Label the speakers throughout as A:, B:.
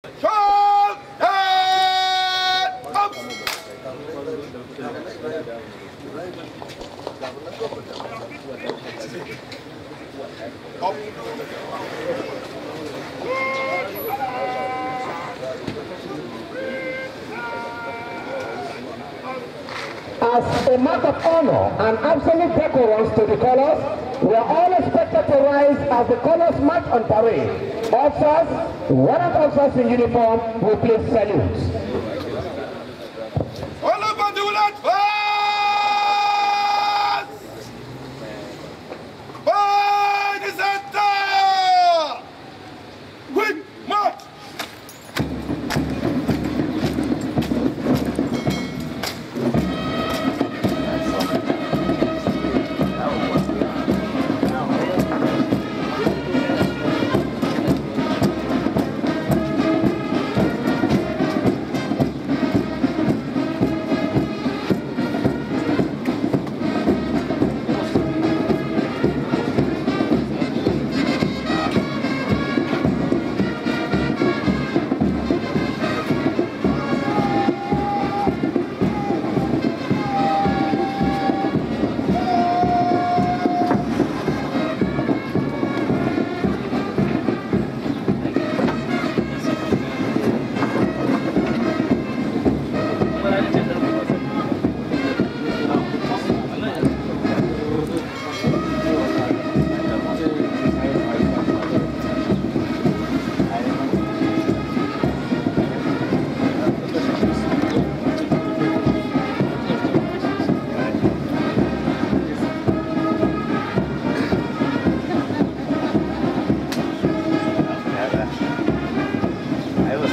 A: As a matter of honor and absolute decorums to the colors, we are all expected to rise as the colors march on parade. Officers, one of officers in uniform will please salute.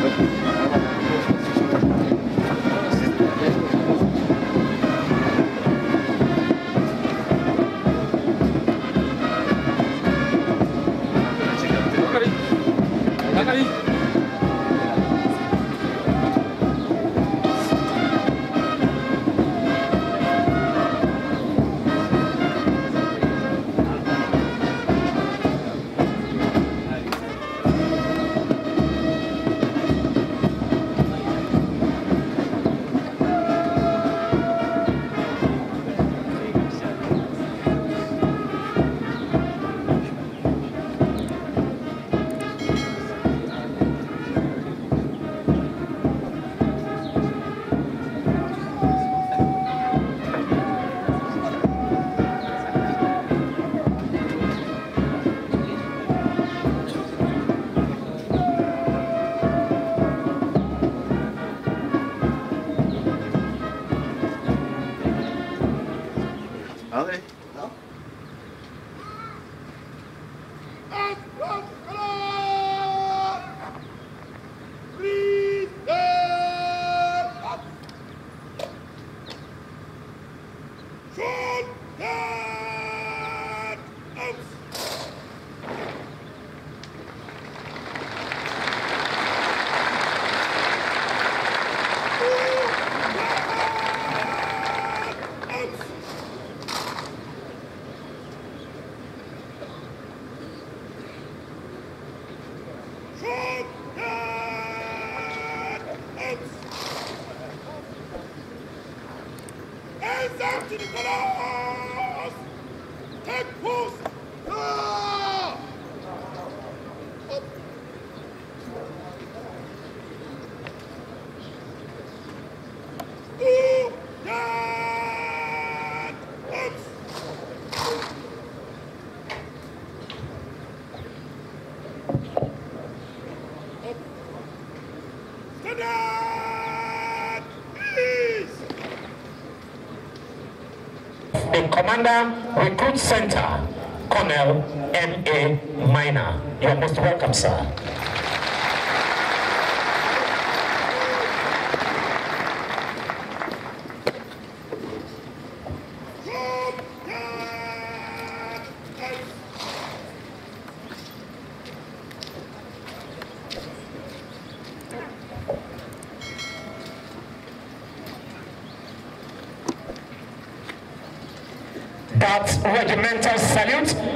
A: Thank you. Valeu. Take post! in Commander Recruit Center, Colonel M.A. Minor. You're most welcome, sir. that regimental salute.